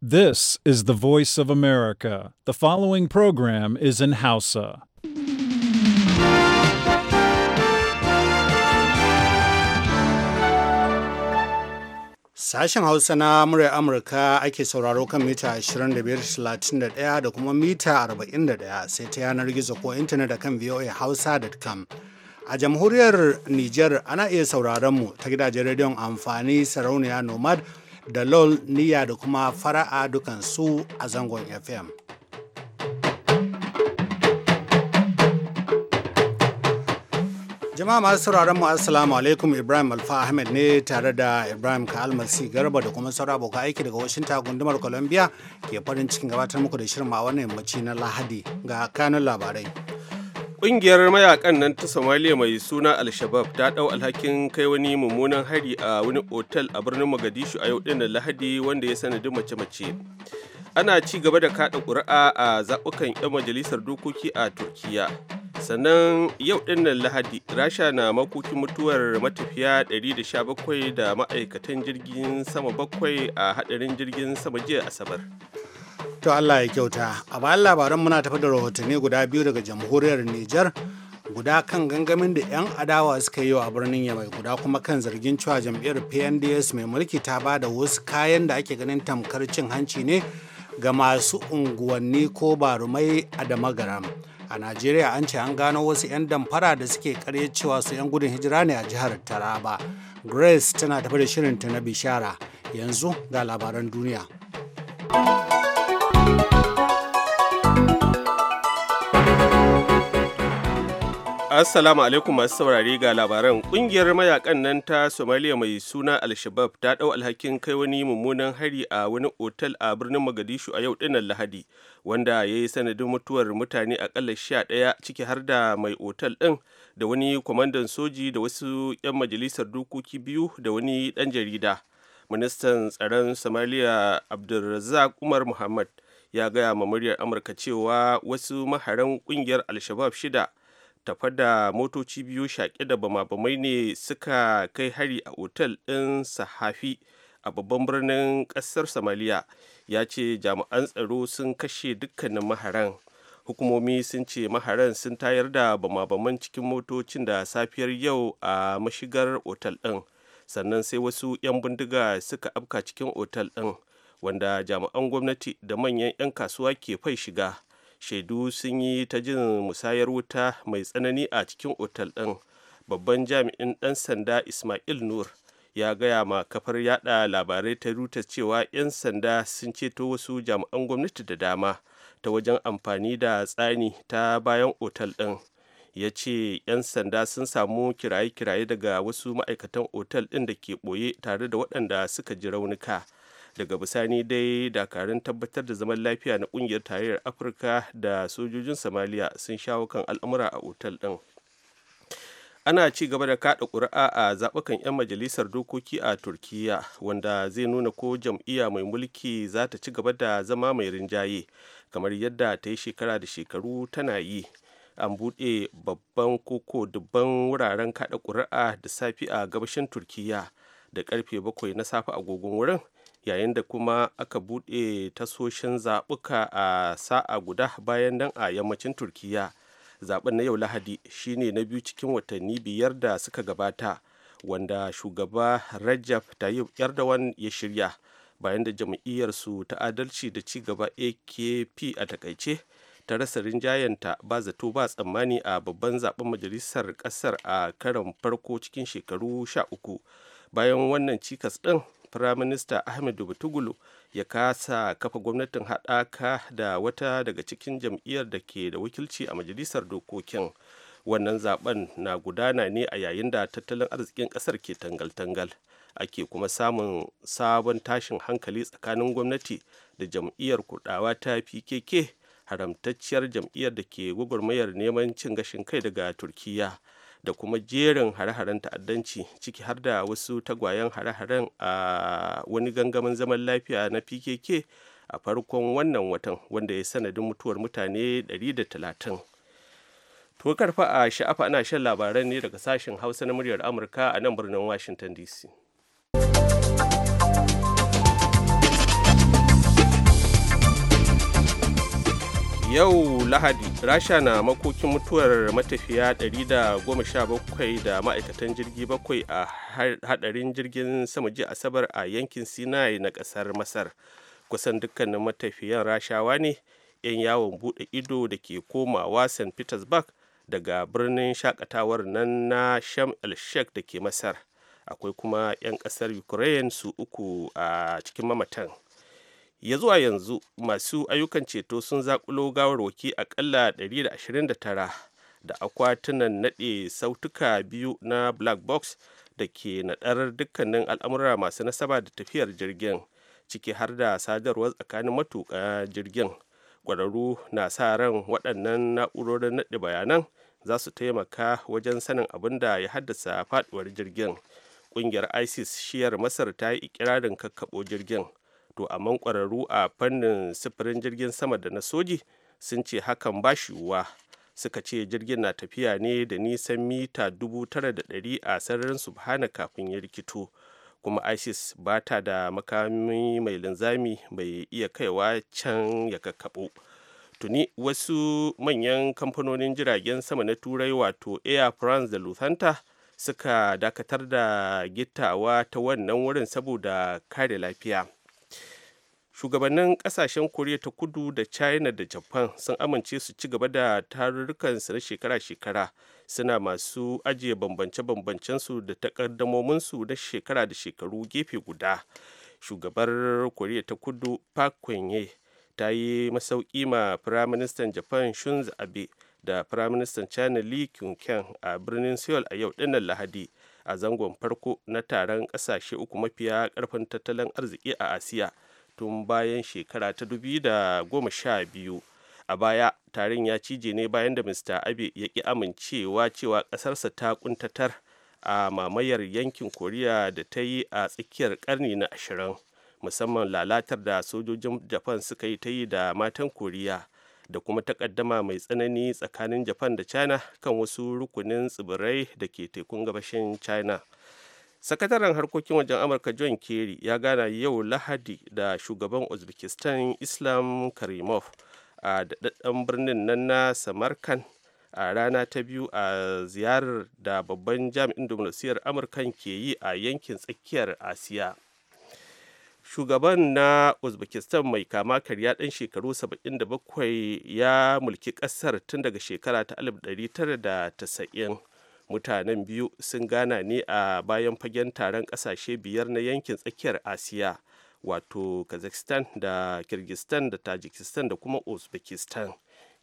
This is the voice of America. The following program is in Hausa. Sashen Hausa na muryar Amurka ake sauraro kan mita 25.31 da kuma mita 41 sai ta yanar gizo ko intanet da kan voahausa.com. A jamhuriyar Nijar ana iya sauraron mu ta gidajen rediyon amfani sarauniya Nomad da lol niyya da kuma fara'a dukansu a zangon fm jama'a masu sauraron mu assalamu alaikum ibrahim alfa ahmed ne tare da ibrahim masi garba da kuma sauran abokan aiki daga washinta gundumar columbia ke farin cikin gabatar muku da shirin a wannan yammaci na lahadi ga kanun labarai Ƙungiyar mayakan nan ta Somalia mai suna Al-Shabab ta ɗau alhakin kai wani mummunan hari a wani otal a birnin Mogadishu a yau ɗin Lahadi wanda ya sanadin mace-mace. Ana ci gaba da kaɗa ƙuri'a a zaɓukan 'yan majalisar dokoki a Turkiyya. sannan yau din lahadi rasha na makokin mutuwar matafiya 117 da ma'aikatan jirgin sama bakwai a haɗarin jirgin sama jiya asabar To Allah ya kyauta. A bayan labaran muna tafi da rahotanni guda biyu daga jamhuriyar Nijar guda kan gangamin da 'yan adawa suka yi wa birnin Yamai guda kuma kan zargin cewa jam'iyyar PNDS mai mulki ta ba da wasu kayan da ake ganin tamkar cin hanci ne ga masu unguwanni ko barumai a damagaram. A Najeriya an ce an gano wasu 'yan damfara da suke karye cewa su 'yan gudun hijira ne a jihar Taraba. Grace tana tafi da shirinta na bishara. Yanzu ga labaran duniya. Assalamu alaikum masu saurari ga labaran kungiyar mayakan nan ta Somalia mai suna Al-Shabab ta dau alhakin kai wani mummunan hari a wani otal a birnin Mogadishu a yau dinnan Lahadi wanda ya yi sanadin mutuwar mutane akalla sha ɗaya ciki har da mai otal ɗin da wani kwamandan soji da wasu 'yan majalisar dokoki biyu da wani ɗan jarida. Ministan tsaron Somalia Abdulrazak Umar Muhammad ya gaya ma muryar Amurka cewa wasu maharan kungiyar Al-Shabab shida tafa da motoci biyu shaƙe da bama-bamai ne suka kai hari a otal ɗin sahafi a babban birnin ƙasar Somalia, ya ce jami'an tsaro sun kashe dukkanin maharan hukumomi sun ce maharan sun tayar da bama-baman cikin motocin da safiyar yau a mashigar otal ɗin sannan sai wasu 'yan bindiga suka afka cikin otal ɗin wanda jami'an gwamnati da manyan 'yan kasuwa ke fai shiga shaidu sun yi ta jin musayar wuta mai tsanani a cikin otal ɗin babban jami'in ɗan sanda ismail nur ya gaya ma kafar yada labarai ta ruta cewa 'yan sanda sun ceto wasu jami'an gwamnati da dama ta wajen amfani da tsani ta bayan otal ɗin ya ce 'yan sanda sun samu kiraye-kiraye daga wasu ma'aikatan otal ɗin da ke ɓoye tare da waɗanda suka ji raunuka daga bisani dai dakarun tabbatar da zaman lafiya na kungiyar tarayyar afirka da sojojin somaliya sun shawo kan al'amura a otal din ana ci gaba da kada ƙuri'a a zaɓukan 'yan majalisar dokoki a turkiya wanda zai nuna ko jam'iyya mai mulki za ta ci gaba da zama mai rinjaye kamar yadda ta yi shekara da shekaru tana yi an buɗe babban koko dubban wuraren kada ƙuri'a da safi a gabashin turkiya da karfe bakwai na safe agogon wurin yayin da kuma aka buɗe tasoshin zaɓuka a sa'a guda bayan nan a yammacin turkiya zaɓen na yau lahadi shine na biyu cikin watanni biyar da suka gabata wanda shugaba rajab tayyip erdogan ya shirya bayan da jam'iyyarsu ta adalci da ci gaba akp a takaice ta rasa rinjayenta ba zato ba tsammani a babban zaben majalisar kasar a karon farko cikin shekaru sha uku bayan wannan cikas ɗin firaminista ahmed Batugulu ya kasa kafa gwamnatin haɗaka da wata daga cikin jam'iyyar da ke da wakilci a majalisar dokokin wannan zaben na gudana ne a yayin da tattalin arzikin ƙasar ke tangal-tangal ake kuma samun sabon tashin hankali tsakanin gwamnati da jam'iyyar kuɗawa ta pkk haramtacciyar jam'iyyar da ke gwagwarmayar neman cin gashin kai daga turkiyya da kuma jerin hare-haren ta'addanci ciki har da wasu tagwayen hare-haren a wani gangamin zaman lafiya na pkk a farkon wannan watan wanda ya sanadin mutuwar mutane 130 to karfa a sha'afa ana shan labaran ne daga sashen hausa na muryar amurka a nan birnin washington dc yau lahadi rasha na makokin mutuwar matafiya 117 da ma'aikatan jirgi bakwai a hadarin jirgin sama ji asabar a yankin sinai na kasar masar kusan dukkanin matafiyan rashawa ne 'yan yawon bude ido da ke komawa st petersburg daga birnin shakatawar nan na sham el sheikh da ke masar akwai kuma 'yan kasar ukraine su uku a cikin mamatan ya zuwa yanzu masu ayyukan ceto sun zakulo gawarwaki akalla 129 da akwatunan naɗe sautuka biyu na black box da ke naɗar dukkanin al'amura masu nasaba da tafiyar jirgin ciki har da sadarwar tsakanin matuƙa jirgin ƙwararru na sa ran waɗannan na'urorin naɗe bayanan za su taimaka wajen sanin abin da ya haddasa faɗuwar jirgin ƙungiyar isis shiyar masar ta yi ikirarin kakkaɓo jirgin to a ƙwararru a fannin sufurin jirgin sama da na soji sun ce hakan ba shi yiwuwa suka ce jirgin na tafiya ne da nisan mita dubu tara da 9,100 a sararin subhana kafin ya rikito kuma isis ba ta da makami mai linzami mai iya kaiwa can ya kakkaɓo tuni wasu manyan kamfanonin jiragen sama na turai wato air france da lusanta suka dakatar da gittawa ta wannan wurin saboda kare lafiya shugabannin kasashen koriya ta kudu da china da japan sun amince su ci gaba da tarurrukansu na shekara-shekara suna masu ajiye bambance-bambancensu da takaddamominsu na shekara da shekaru gefe guda shugabar koriya ta kudu park kwenye ta yi masauki ma firaministan japan shunzu abe da firaministan china li kyunkyang a birnin seoul a yau dinnan lahadi a zangon farko na taron kasashe uku mafiya karfin tattalin arziki a asiya tun bayan shekara ta da goma sha biyu a baya tarin ya cije ne bayan da mr abe ya ki amincewa cewa ƙasarsa ta kuntatar a mamayar yankin koriya da ta yi a tsakiyar karni na ashirin musamman lalatar da sojojin japan suka yi ta yi da matan koriya da kuma takaddama mai tsanani tsakanin japan da china kan wasu rukunin tsibirai da ke tekun gabashin china sakataren harkokin wajen amurka john kerry ya gana yau lahadi da shugaban uzbekistan islam karimov a daɗaɗɗen birnin nan na samarkand a rana ta biyu a ziyarar da babban jami'in dominasiyar Amurka ke yi a yankin tsakiyar asiya shugaban na uzbekistan mai kama karya ɗan shekaru 77 ya mulki ƙasar tun daga shekara ta 1990 mutanen biyu sun gana ne a bayan fagen taron ƙasashe biyar na yankin tsakiyar asiya wato kazakhstan da kirgistan da tajikistan da kuma uzbekistan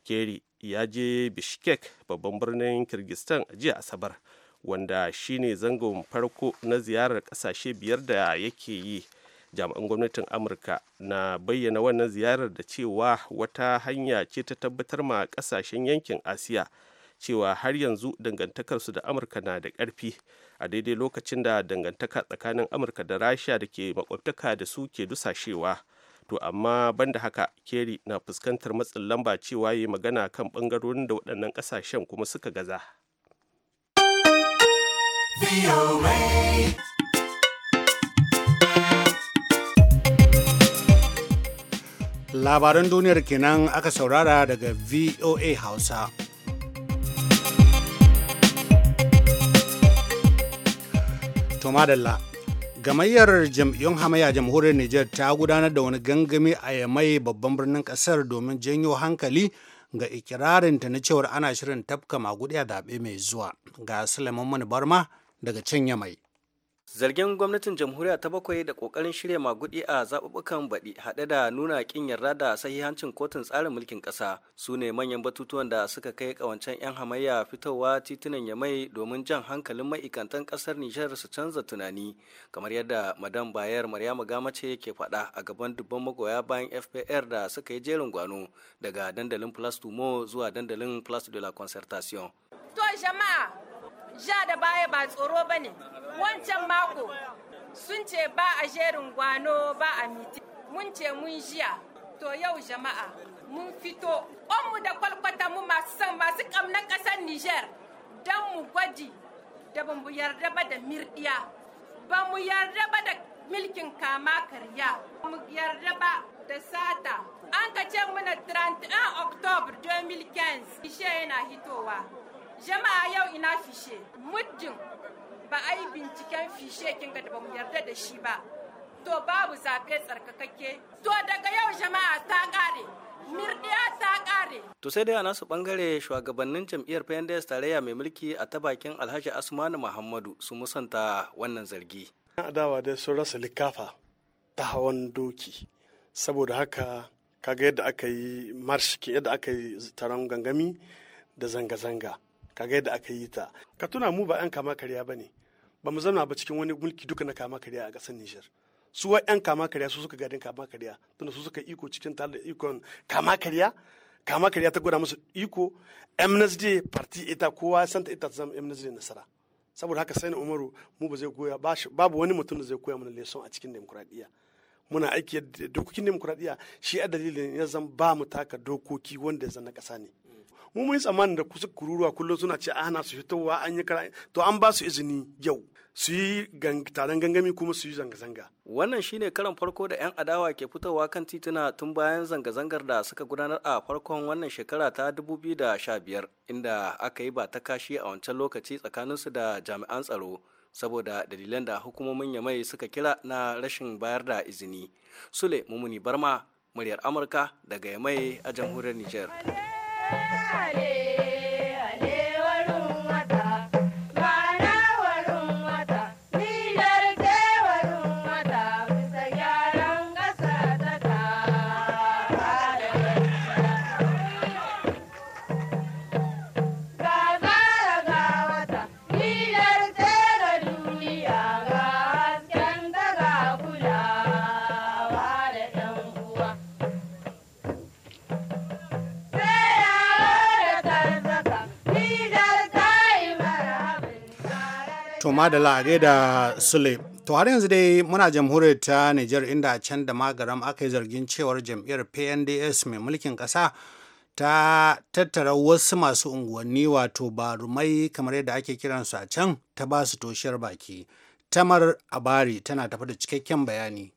keri ya je bishkek babban birnin kirgistan a jiya asabar wanda shine zangon farko na ziyarar kasashe biyar da yake yi jami'an gwamnatin amurka na bayyana wannan ziyarar da cewa wata hanya ce ta tabbatar ma kasashen yankin asiya cewa har yanzu dangantakarsu da amurka na da ƙarfi a daidai lokacin da dangantaka tsakanin amurka da rasha da ke makwabtaka da su ke dusashewa to amma banda haka keri na fuskantar matsin lamba cewa yi magana kan ɓangarorin da waɗannan ƙasashen kuma suka gaza labaran duniyar kenan aka saurara daga voa hausa To madalla. Gamayyar jam'iyyun hamayya jamhuriyar niger ta gudanar da wani gangami a Yamai babban birnin kasar domin janyo hankali ga ikirarinta na cewar ana shirin tafka magudi a zaɓe mai zuwa. Ga mani Barma daga can Yamai. zargin gwamnatin jamhuriya ta bakwai da kokarin shirya magudi a zaɓuɓɓukan baɗi haɗe da nuna ƙin yarda da sahihancin kotun tsarin mulkin ƙasa su ne manyan batutuwan da suka kai ƙawancen 'yan hamayya fitowa titunan ya mai domin jan hankalin ma'aikantan ƙasar nijar su canza tunani kamar yadda madam bayar maryama ce ke faɗa a gaban dubban magoya bayan fpr da suka yi jerin gwano daga dandalin plus tumo zuwa dandalin plus de la concertation ja da baya ba tsoro ba ne wancan mako sun ce ba a jerin gwano ba a miti mun ce mun jiya to yau jama'a mun fito mu da kwalkwata mu masu san masu kamnan kasar niger don mu gwaji da ban mu yarda ba da mirdiya ba mu yarda ba da milkin kama karya ba mu yarda ba da sata an ka ce muna 31 october 2015 ishe yana hitowa jama'a yau ina fishe muddin ba a yi binciken fishe kin ga da ba mu yarda da shi ba to babu zaɓe tsarkakakke to daga yau jama'a ta ƙare mirdiya ta kare to sai dai a nasu ɓangare shugabannin jam'iyyar pnds tarayya mai mulki a ta bakin alhaji asmanu muhammadu su musanta wannan zargi. yan adawa dai sun rasa likafa ta hawan doki saboda haka kaga yadda aka yi marshi yadda aka yi taron gangami da zanga-zanga kaga yadda aka yi ta ka tuna mu ba 'yan kama karya ba ne ba mu zama ba cikin wani mulki duka na kama karya a ƙasar Nijar su wa 'yan kama karya su suka gadin kama karya tunda su suka iko cikin tare da ikon kama karya kama karya ta gwada musu iko MNSD party ita kowa santa ita ta zama MNSD nasara saboda haka sai na Umaru mu ba zai goya babu wani mutum da zai koya mana lesson a cikin demokuraɗiyya muna aiki dokokin demokuraɗiyya shi a dalilin ya zama ba mu taka dokoki wanda ya zan na ƙasa ne mu mun tsammanin da kusa kururuwa kullum suna ce ana su fitowa an yi kara to an ba su izini yau su yi taron gangami kuma su yi zanga-zanga. Wannan shine karan farko da 'yan adawa ke fitowa kan tituna tun bayan zanga-zangar da suka gudanar a farkon wannan shekara ta 2015 inda aka yi ba ta kashi a wancan lokaci tsakaninsu da jami'an tsaro. saboda dalilan da hukumomin yamai suka kira na rashin bayar da izini. Sule Mumuni Barma, muryar Amurka daga yamai a jamhuriyar Nijar. Hare To madala a da Sule. To har yanzu dai muna jamhuriyar ta niger inda can da magaram aka yi zargin cewar jam'iyyar PNDS mai mulkin ƙasa ta tattara wasu masu unguwanni wato barumai kamar yadda ake kiransu a can ta ba su toshiyar baki. Tamar Abari tana tafi da cikakken bayani.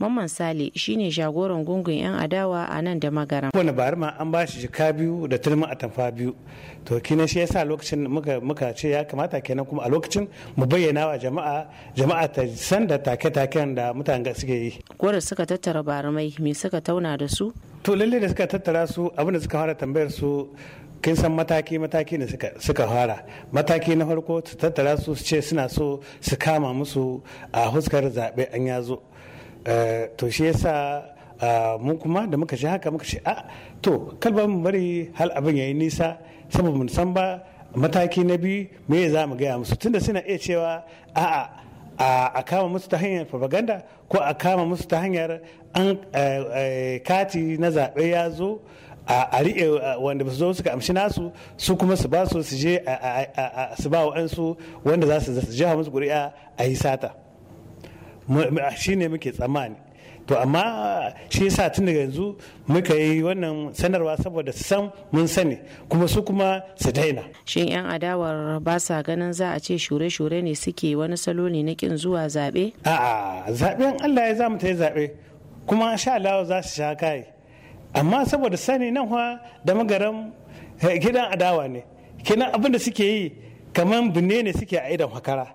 Mamman Sale shine jagoran gungun 'yan adawa a nan da magaran. Wani bari ma an ba shi jika biyu da tilma a tamfa biyu. To kina shi yasa lokacin muka ce ya kamata kenan kuma a lokacin mu bayyana wa jama'a jama'a ta san da take-taken da mutanen suke yi. Gwada suka tattara barmai me suka tauna da su? To lalle da suka tattara su abin da suka fara tambayar su kin san mataki-mataki ne suka fara mataki na farko su tattara su ce suna so su kama musu a huskar zaɓe an yazo. zo Eh, to shi yasa ah, mun kuma da muka shi haka muka ce a ah, to kalba mu bari hal abin yayi nisa saboda mun san ba mataki na biyu me za mu gaya musu tunda suna iya cewa a'a a kama musu ta hanyar propaganda ko a kama musu ta hanyar an eh, eh, kati na zaɓe ya zo a riƙe wanda ba su zo suka amshi nasu su kuma su ba su su je su ba wa'ansu wanda za su jiha musu ƙuri'a a yi sata. shi ne muke tsammani to amma shi yasa tun daga yanzu muka yi wannan sanarwa saboda san mun sani kuma su kuma su daina shin yan adawar ba sa ganin za a ce shure-shure ne suke wani salo ne na kin zuwa zaɓe a'a zaɓen allah ya zamu ta yi zaɓe kuma sha Allah za su sha kai amma saboda sani nan fa da magaram eh, gidan adawa ne kenan abin da suke yi kamar binne ne suke a idan hakara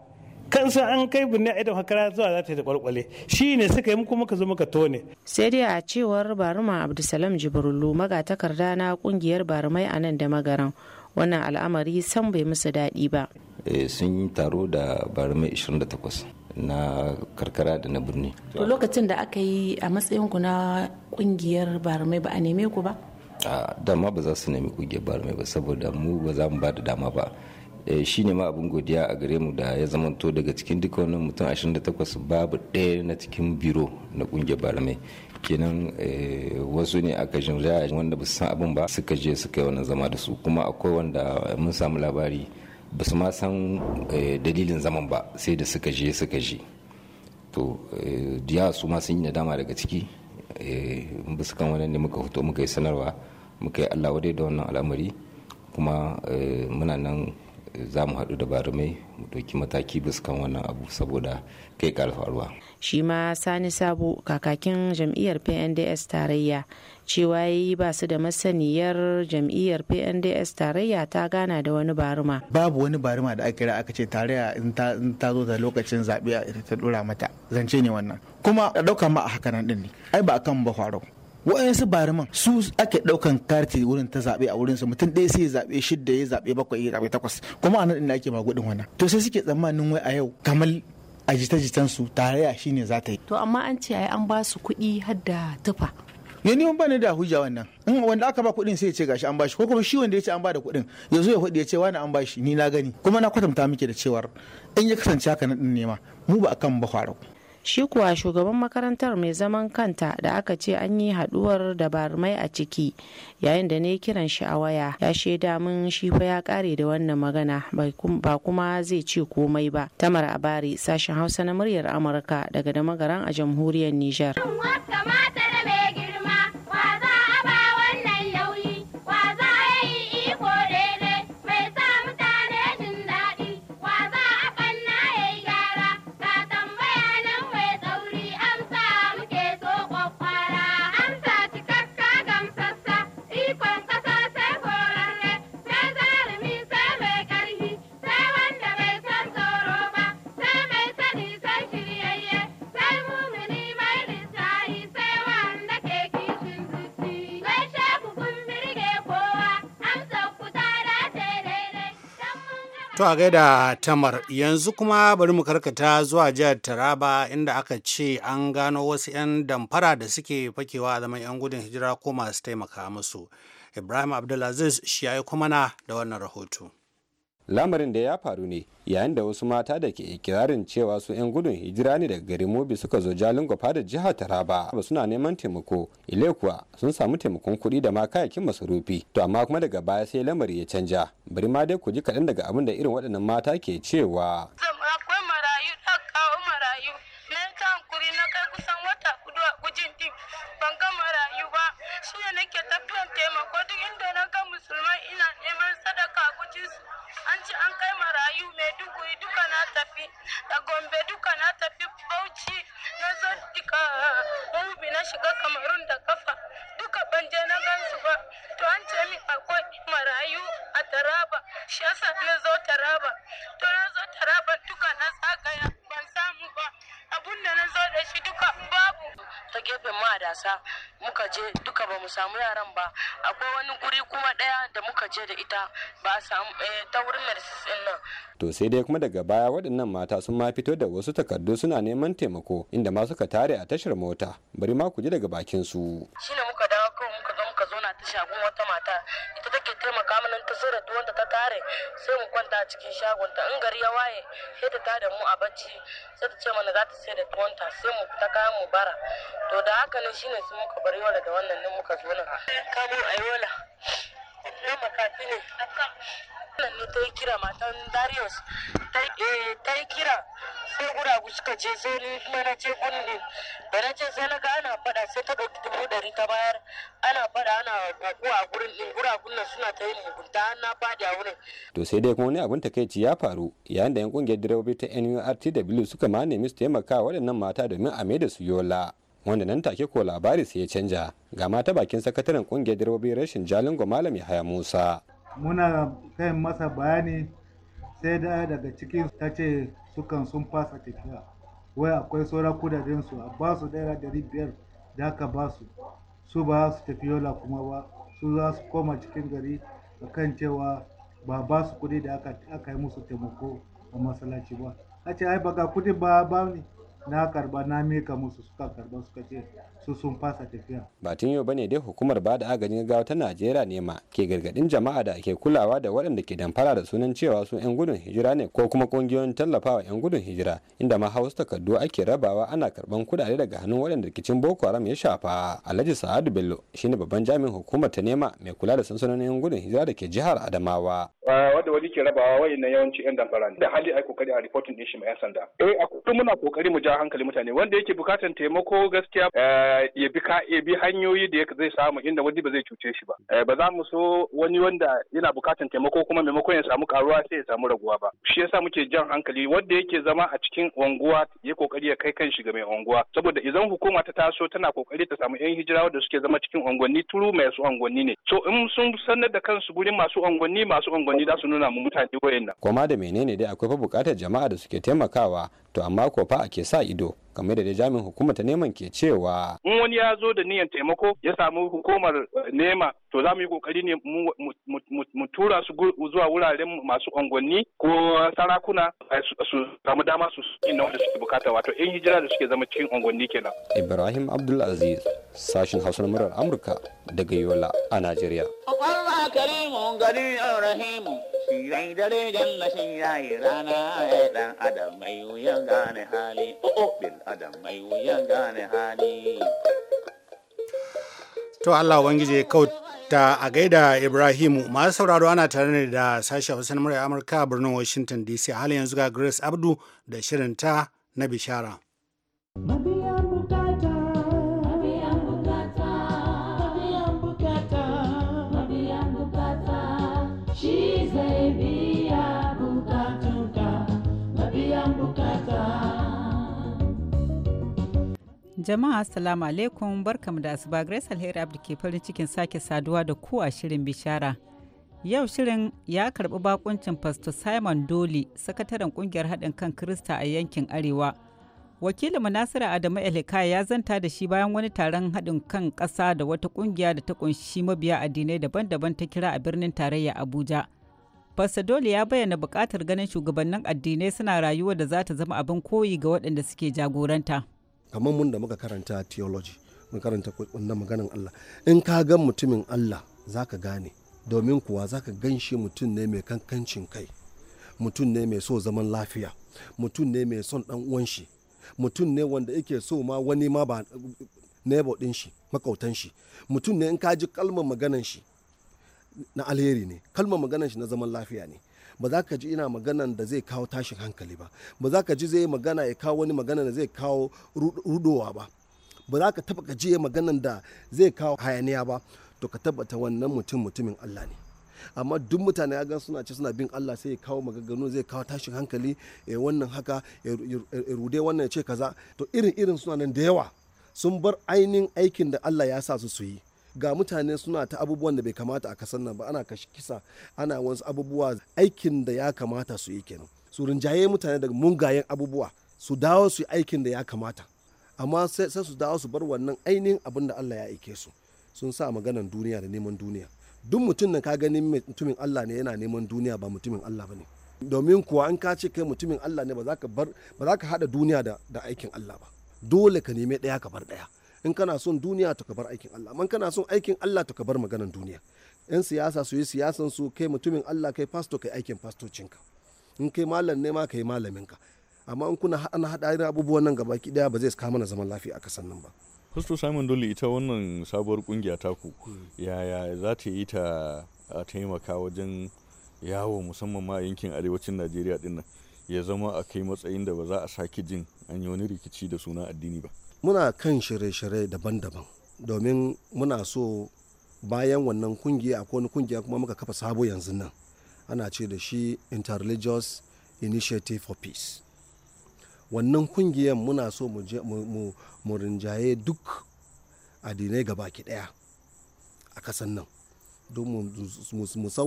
kansa an kai binne a idan hakara zuwa za ta kwalkwale shi ne suka yi muku muka zo muka tone sai dai a cewar baruma abdulsalam jibrulu magatakarda na kungiyar barumai a nan da magaran wannan al'amari san bai musu daɗi ba eh, sun yi taro da barumai 28 na karkara da na birni. To lokacin da aka yi a matsayin ku na kungiyar barumai ba a neme ku ba? A dama ba za su nemi kungiyar barumai ba saboda mu ba za mu ba da dama ba. Eh, shi ne ma abin godiya a gare mu da ya zamanto daga cikin duka wannan mutum 28 babu ɗaya na cikin biro na ƙungiyar baramai kenan eh, wasu ne aka jinjaya wanda ba su san abin ba suka je suka yi wannan zama da su kuma akwai wanda mun samu labari ba su ma san eh, dalilin zaman ba sai da suka je suka je to ya su ma sun yi nadama daga ciki ba su kan wani ne muka fito muka yi sanarwa muka yi allah wadai da wannan al'amari kuma muna nan za mu haɗu da barumai mu ɗauki mataki biskan wannan abu saboda kai ƙara faruwa. shi ma sani sabo kakakin jam'iyyar pnds tarayya cewa yi ba su da masaniyar jam'iyyar pnds tarayya ta gana da wani baruma babu wani baruma da aka kira aka ce tarayya in ta zo da lokacin zaɓe ta ɗora mata zance ne wannan kuma a ɗauka ma a hakanan ɗin ne ai ba a kan ba faru wa'ansu bariman su ake daukan karti wurin ta zabe a wurin su mutum ɗaya sai ya zabe shidda ya zabe bakwai ya zabe takwas kuma a nan ake magudin wannan to sai suke tsammanin wai a yau kamar a jita-jitan su tarayya shine za ta yi to amma an ce ai an ba su kuɗi har da tufa ya ni ba ni da hujja wannan in wanda aka ba kuɗin sai ya ce gashi an bashi ko kuma shi wanda ya ce an ba da kuɗin ya zo ya faɗi ya ce wani an bashi ni na gani kuma na kwatanta miki da cewar in ya kasance haka na ɗin nema mu ba akan ba faru. shi kuwa shugaban makarantar mai zaman kanta da aka ce an yi haduwar dabarmai a ciki yayin da ne kiran shi a waya ya shaida min shi fa ya kare da wannan magana ba kuma zai ce komai ba tamar abari sashen hausa na muryar amurka daga da magaran a jamhuriyar niger To a gaida tamar yanzu kuma bari mu karkata zuwa jihar Taraba inda aka ce an gano wasu 'yan damfara da suke fakewa a zaman 'yan gudun hijira ko masu taimaka musu. Ibrahim Abdulaziz shi ya yi kumana da wannan rahoto. lamarin da ya faru ne yayin da wasu mata da ke ikirarin cewa su 'yan gudun hijira ne daga garin mobi suka zo jalin gwafa da jihar taraba ba suna neman taimako ile kuwa sun samu taimakon kuɗi da ma kayakin masarufi to amma kuma daga baya sai lamari ya canja bari ma dai ku ji kaɗan daga abin da irin waɗannan mata ke cewa akwai marayu marayu hankuri na kai kusan wata kudu a ban ga marayu ba shi ne nake tafiyan taimako duk inda na musulmai ina neman sadaka gujis an ci an kai marayu mai duguri duka na tafi da gombe duka na tafi bauchi na zo duka na shiga kamarun da kafa duka ban je na gansu ba to an ce min akwai marayu a taraba shi yasa na zo taraba to na zo taraba duka na zagaya. mu ba abun da na zo da shi duka babu ta gefen dasa muka je duka ba mu samu yaran ba akwai wani guri kuma daya da muka je da ita ba a samu eh, ta wurin nurses din nan to sai dai kuma daga baya waɗannan mata sun ma fito da wasu takardu suna neman taimako inda ma suka tare a tashar mota bari ma ku ji daga bakin su shine muka dawo kawai muka zo muka zo na tasha gun wata mata taimaka mana ta zura tuwon ta tare sai mu kwanta a cikin shagonta in gari ya waye sai ta tada mu a bacci sai ta ce mana za ta sai da tuwanta sai mu ta kayan mu bara to da haka ne shine sun muka bar yola da wannan ne muka zo nan kamo a yola na makafi ne nan ne ta yi kira matan darius ta yi eh, kira sai guragu suka ce sai ni kuma na ne da na ce sai na ga ana faɗa sai ta ɗauki dubu ɗari ta bayar ana faɗa ana ko a gurin ɗin guragu nan suna ta yin mugunta an na faɗi a wurin. to sai dai kuma wani abin takaici ya faru yayin da yan kungiyar direbobi ta nurtw suka ma nemi su taimaka waɗannan mata domin a da su yola. wanda nan take ko labari sai ya canja ga mata bakin sakataren kungiyar direbobi rashin jalingo malam yahaya musa muna kai masa bayani sai da daga cikin ta ce sukan sun fasa tafiya wai akwai saura kudaden su a ba su naira biyar da aka ba su su ba su tafi yola kuma ba su za su koma cikin gari a kan cewa ba ba su kudi da aka yi musu taimako a masalaci ba a ce ai baka kudi ba ba ne na karba na mika musu suka karba suka ce su sun fasa tafiya ba tun yau bane dai hukumar ba da agajin gaggawa ta Najeriya ne ma ke gargadin jama'a da ke kulawa da waɗanda ke damfara da sunan cewa su yan gudun hijira ne ko kuma ƙungiyoyin tallafawa yan gudun hijira inda ma hausa takardu ake rabawa ana karban kudade daga hannun waɗanda rikicin Boko Haram ya shafa Alhaji Sa'adu Bello shine babban jami'in hukumar ta nema mai kula da sansanonin yan gudun hijira da ke jihar Adamawa ah, wanda wani ke rabawa wayannan yawanci yan damfara ne. da hali ai kokari a reporting din shi ma yan sanda eh muna kokari mu ja kwanciyar hankali mutane wanda yake bukatan taimako gaskiya eh, ya bi ya bi hanyoyi da zai samu inda wani ba zai cuce shi ba eh, ba za mu so wani wanda yana bukatan taimako kuma maimakon ya samu karuwa sai ya samu raguwa ba shi yasa muke jan hankali wanda yake zama a cikin unguwa ya kokari ya kai kanshi ga mai unguwa saboda idan hukuma ta taso tana kokari ta samu yan hijira wanda suke zama cikin unguwanni turu mai su unguwanni ne so in sun sanar da kansu gurin masu unguwanni masu unguwanni za su nuna mu mutane wayannan koma da menene dai akwai fa bukatar jama'a da suke taimakawa to amma ko fa ake sa you do. game da jami'in hukumar ta neman ke cewa in wani ya zo da niyan taimako ya samu hukumar eh, nema to za mu yi kokari ne mu tura su zuwa wuraren masu ungwanni ko sarakuna eh, su samu dama su na wanda suke bukata wato yan hijira da suke zama cikin unguwanni kenan ibrahim abdulaziz sashin hausa na murar amurka daga yola a najeriya Allah karimu gari rahimu shirai dare rana ya dan adam mai wuyan gane hali oh, oh, adam mai wuyan gane hali to Allah ya kauta a gaida Ibrahimu masu sauraro ana tare ne da sashen Hausa na Amurka birnin Washington DC hali yanzu ga Grace Abdu da shirinta na bishara. Jama'a assalamu alaikum barkamu da asuba Grace Alheri Abdi ke farin cikin sake saduwa da ku a shirin bishara. Yau shirin ya karɓi bakuncin Pastor Simon Doli, sakataren kungiyar haɗin kan Krista a yankin Arewa. Wakilin Nasiru Adamu Elika ya zanta da shi bayan wani taron haɗin kan ƙasa da wata ƙungiya da ta ƙunshi mabiya addinai daban-daban ta kira a birnin tarayya Abuja. Pastor dole ya bayyana buƙatar ganin shugabannin addinai suna rayuwa da za ta zama abin koyi ga waɗanda suke jagoranta. kamar mun da muka karanta theology mun karanta wannan maganan Allah in ka ga mutumin Allah zaka gane domin kuwa zaka gan shi mutum ne mai kankancin kai mutum ne mai so zaman lafiya mutum ne mai son dan uwan shi mutum ne wanda yake so ma wani ma ba neighbor din shi makautan shi mutum ne in ka ji kalmar maganan shi na alheri ne kalmar maganan shi na zaman lafiya ne ba za ka ji ina maganan da zai kawo tashin hankali ba ba za ka ji zai magana ya kawo wani magana da zai kawo rudowa ba ba za ka taba ka ji maganan da zai kawo hayaniya ba to ka tabbata wannan mutum mutumin Allah ne amma duk mutane ya gan suna ce suna bin Allah sai ya kawo maganganu zai kawo tashin hankali ya wannan haka ya rude wannan ya ce kaza to irin irin suna nan da yawa sun bar ainihin aikin da Allah ya sa su su yi ga mutane suna ta abubuwan da bai kamata a kasar nan ba ana kashi kisa ana wasu abubuwa aikin da ya kamata su yi kenan su rinjaye mutane daga mungayen abubuwa su dawo su yi aikin da ya kamata amma sai su dawo su bar wannan ainihin abin da Allah ya aike su sun sa maganan duniya da neman duniya duk mutum da ka gani mutumin Allah ne yana neman duniya ba mutumin Allah ba ne domin kuwa an ka ce kai mutumin Allah ne ba za ka hada duniya da, aikin Allah ba dole ka nemi ɗaya ka bar ɗaya in kana son duniya to ka bar aikin Allah amma kana son aikin Allah to ka bar maganan duniya yan siyasa su yi siyasan su kai mutumin Allah kai fasto kai aikin fastocinka in kai malam ne ma kai malamin ka amma in kuna hada hada abubuwan nan gaba ki daya ba zai kama mana zaman lafiya a kasan nan ba Fasto Simon Dole ita wannan sabuwar kungiya taku hmm. yaya za ta yi ta taimaka wajen yawo musamman ma yankin arewacin Najeriya din ya zama a kai matsayin da ba za a sake jin an yi wani rikici da suna addini ba. muna kan shirye-shirye daban-daban domin muna so bayan wannan kungiya ko wani kungiya kuma muka kafa sabo yanzu nan ana ce da shi interreligious initiative for peace wannan kungiyar muna so mu rinjaye duk addinai ki daya a kasan nan don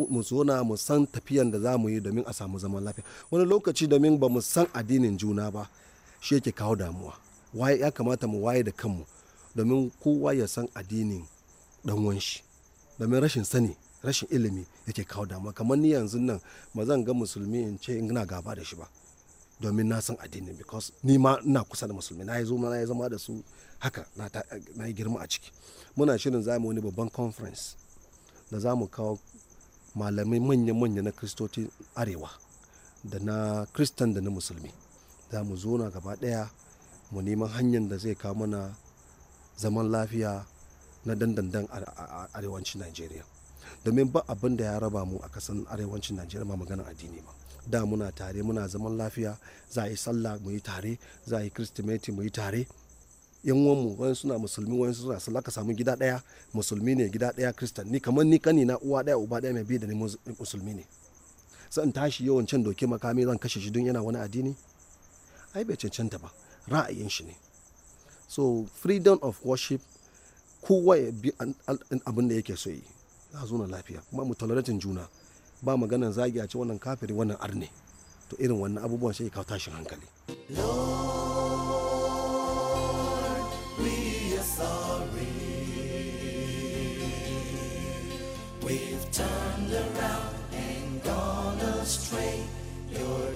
mu zona mu san tafiyan da za mu yi domin a samu zaman lafiya wani lokaci domin ba mu san addinin juna ba shi yake kawo damuwa ya kamata mu waye da kanmu domin kowa ya san addinin dan shi domin rashin sani rashin ilimi yake kawo damuwa kamar ni yanzu nan ma zan ga musulmi in ce ina gaba da shi ba domin na san addinin because ni ma ina kusa da musulmi na yi zuma na yi zama da su haka na yi girma a ciki muna shirin za mu wani babban conference da za mu kawo malamai manya-manya na kristocin arewa da na kristan da na musulmi za mu zo na gaba daya mu neman hanyar da zai kawo mana zaman lafiya na dandandan arewacin nigeria domin ba abin da ya raba mu a kasan arewacin nigeria ma magana addini ba da muna tare muna zaman lafiya za a yi sallah mu yi tare za a yi kiristimeti mu yi tare yan wanmu wani suna musulmi wani suna sallah ka samu gida daya musulmi ne gida daya kristan ni kamar ni kani na uwa daya uba daya mai bi da ni musulmi ne zan tashi yawan can doke makami zan kashe shi don yana wani addini ai bai cancanta ba ra'ayin shi ne so freedom of worship kowa ya bi abin da yake so yi za zo lafiya kuma mu toleratin juna ba maganan zagi a ce wannan kafiri wannan arne to irin wannan abubuwan sai kawo tashin hankali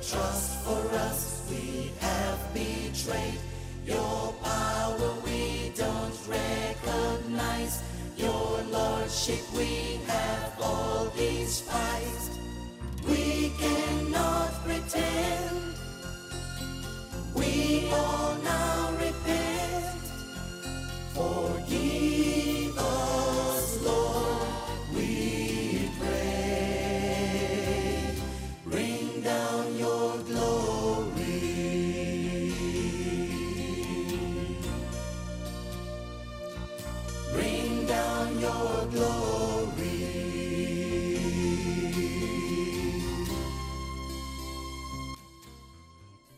trust for us we have betrayed your power we don't recognize your lordship we have all despised we cannot pretend we all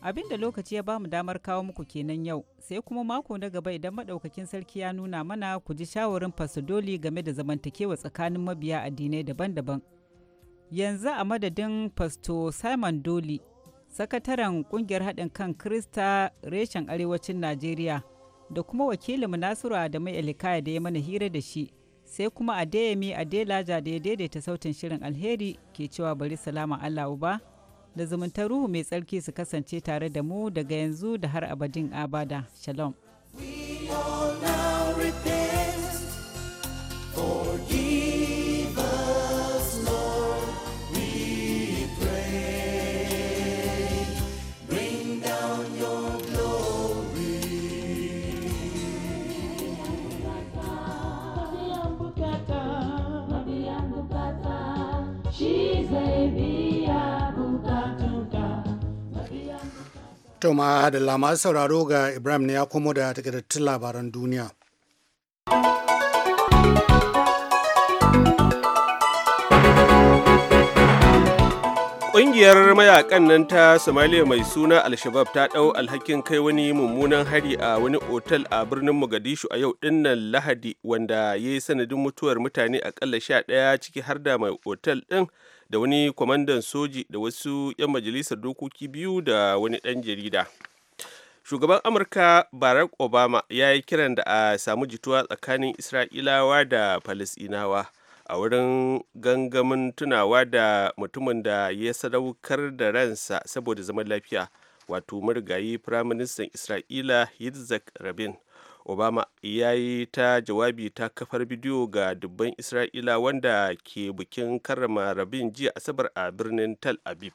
abin da lokaci ya ba mu damar kawo muku kenan yau sai kuma mako na gaba idan madaukakin sarki ya nuna mana ku ji shawarin fasidoli game da zamantakewa tsakanin mabiya addinai daban-daban yanzu a madadin fasto simon doli sakataren kungiyar haɗin kan krista reshen arewacin najeriya da kuma wakilinmu nasiru adamu elikaya da ya mana hira da shi sai kuma adeyemi adelaja da ya daidaita sautin shirin alheri ke cewa bari salama allah uba da zumuntar ruhu mai tsarki su kasance tare da mu daga yanzu da har abadin abada shalom We all To ma da lama sauraro ga Ibrahim ne ya komo da takardattun labaran duniya. Ƙungiyar mayakan nan ta Somalia mai suna Al-Shabab ta ɗau alhakin kai wani mummunan hari a wani otal a birnin Mogadishu a yau dinnan Lahadi wanda ya yi sanadin mutuwar mutane akalla sha ɗaya ciki har da mai otal ɗin da wani kwamandan soji da wasu 'yan majalisar dokoki biyu da wani ɗan jarida shugaban amurka barack obama ya yi kiran da a samu jituwa tsakanin isra'ilawa da falisinawa a wurin gangamin tunawa da mutumin da ya sadaukar da ransa saboda zaman lafiya wato marigayi firaministan isra'ila yitzhak rabin obama ya yi ta jawabi ta kafar bidiyo ga dubban isra'ila wanda ke bikin karrama rabin jiya asabar a birnin tal aviv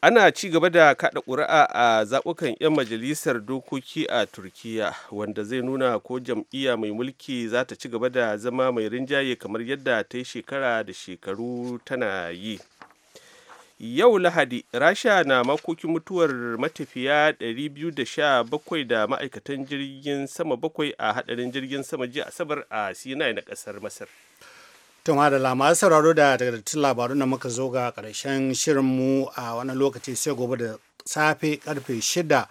ana ci gaba da kada ƙuri'a a zaɓukan 'yan majalisar dokoki a turkiya wanda zai nuna ko jam'iyya mai mulki za ta ci gaba da zama mai rinjaye kamar yadda ta yi shekara da shekaru tana yi yau lahadi rasha na makokin mutuwar matafiya 217 da ma'aikatan jirgin sama bakwai a hadarin jirgin sama jiya asabar a sinai na kasar masar tuma da masu sauraro da takardattun labarun da muka zo ga karshen shirinmu a wani lokaci sai gobe da safe karfe shida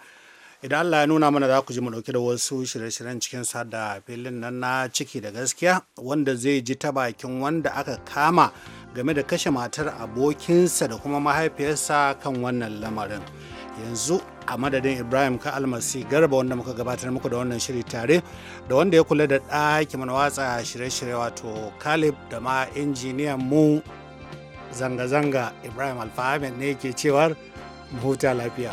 idan Allah ya nuna mana za ku ji mu dauke da wasu shirye-shiryen cikin sa da filin nan na ciki da gaskiya wanda zai ji ta bakin wanda aka kama game da kashe matar abokinsa da kuma mahaifiyarsa kan wannan lamarin yanzu a madadin ibrahim ka almasi garba wanda muka gabatar muku da wannan shiri tare da wanda ya kula da ɗaki mana watsa shirye-shirye wato kalib da ma injiniyan mu zanga-zanga ibrahim alfahamed ne ke cewar huta lafiya